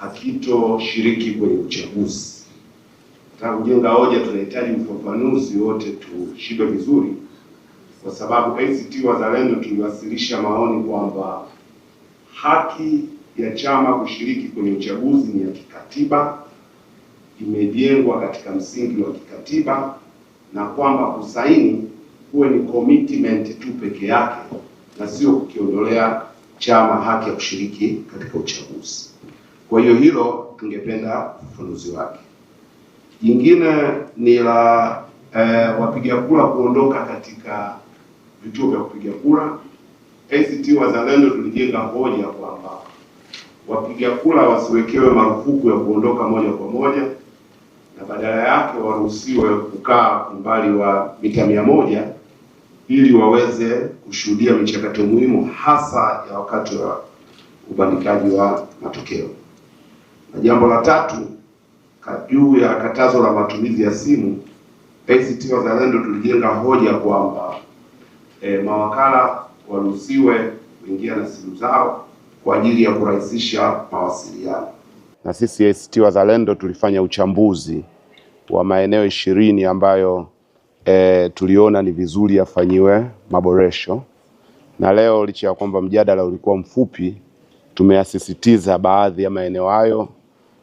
hakitoshiriki kwenye uchaguzi. Nataka kujenga hoja, tunahitaji ufafanuzi wote tushibe vizuri, kwa sababu ACT Wazalendo tuliwasilisha maoni kwamba haki ya chama kushiriki kwenye uchaguzi ni ya kikatiba, imejengwa katika msingi wa kikatiba, na kwamba kusaini kuwe ni commitment tu peke yake na sio kukiondolea chama haki ya kushiriki katika uchaguzi. Kwa hiyo hilo tungependa ufunuzi wake. Jingine ni la eh, wapiga kura kuondoka katika vituo vya kupiga kura. ACT Wazalendo tulijenga hoja kwamba wapiga kura wasiwekewe marufuku ya kuondoka moja kwa moja na badala yake waruhusiwe kukaa umbali wa mita mia moja ili waweze kushuhudia michakato muhimu hasa ya wakati wa ubandikaji wa matokeo. Na jambo la tatu juu ya katazo la matumizi ya simu, ACT Wazalendo tulijenga hoja kwamba e, mawakala waruhusiwe kuingia na simu zao kwa ajili ya kurahisisha mawasiliano. Na sisi ACT Wazalendo tulifanya uchambuzi wa maeneo ishirini ambayo e, tuliona ni vizuri yafanyiwe maboresho, na leo licha ya kwamba mjadala ulikuwa mfupi, tumeyasisitiza baadhi ya maeneo hayo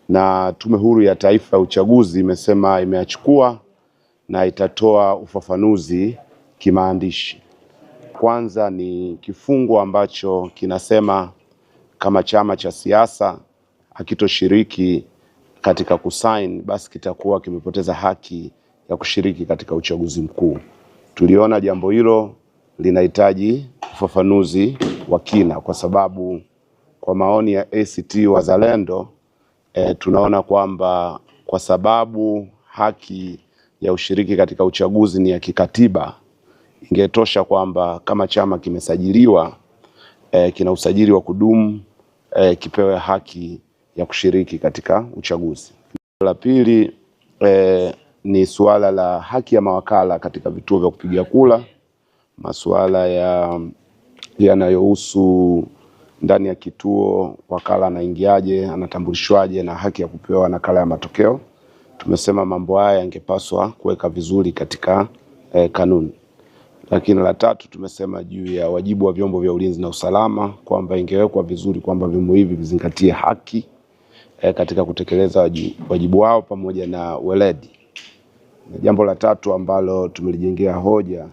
na Tume Huru ya Taifa ya Uchaguzi imesema imeachukua na itatoa ufafanuzi kimaandishi. Kwanza ni kifungu ambacho kinasema kama chama cha siasa hakitoshiriki katika kusaini, basi kitakuwa kimepoteza haki ya kushiriki katika uchaguzi mkuu. Tuliona jambo hilo linahitaji ufafanuzi wa kina, kwa sababu kwa maoni ya ACT Wazalendo e, tunaona kwamba kwa sababu haki ya ushiriki katika uchaguzi ni ya kikatiba, ingetosha kwamba kama chama kimesajiliwa, e, kina usajili wa kudumu e, kipewe haki ya kushiriki katika uchaguzi. La pili e, ni suala la haki ya mawakala katika vituo vya kupiga kura, masuala ya yanayohusu ndani ya kituo, wakala anaingiaje, anatambulishwaje na haki ya kupewa nakala ya matokeo. Tumesema mambo haya yangepaswa kuweka vizuri katika eh, kanuni. Lakini la tatu tumesema juu ya wajibu wa vyombo vya ulinzi na usalama kwamba ingewekwa vizuri kwamba vyombo hivi vizingatie haki eh, katika kutekeleza wajibu wao pamoja na weledi. Na jambo la tatu ambalo tumelijengea hoja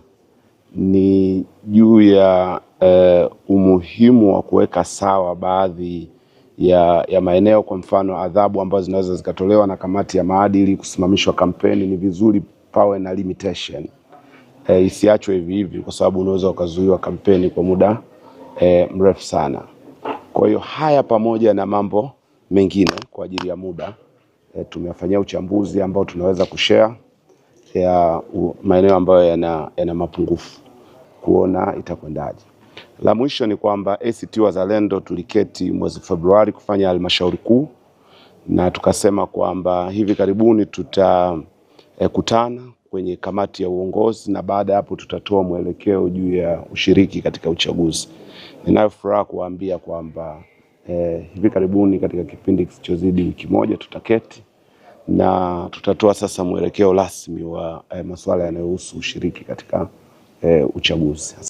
ni juu ya eh, um umuhimu wa kuweka sawa baadhi ya, ya maeneo, kwa mfano adhabu ambazo zinaweza zikatolewa na kamati ya maadili, kusimamishwa kampeni, ni vizuri pawe na limitation e, isiachwe hivi hivi, kwa sababu unaweza ukazuiwa kampeni kwa muda e, mrefu sana. Kwa hiyo haya pamoja na mambo mengine kwa ajili ya muda e, eh, tumefanyia uchambuzi ambao tunaweza kushare ya maeneo ambayo yana, yana mapungufu kuona itakwendaje. La mwisho ni kwamba ACT Wazalendo tuliketi mwezi Februari kufanya halmashauri kuu na tukasema kwamba hivi karibuni tutakutana eh, e, kwenye kamati ya uongozi na baada ya hapo tutatoa mwelekeo juu ya ushiriki katika uchaguzi. Ninayo furaha kuwaambia kwamba e, hivi karibuni katika kipindi kisichozidi wiki moja tutaketi na tutatoa sasa mwelekeo rasmi wa e, masuala yanayohusu ushiriki katika e, uchaguzi.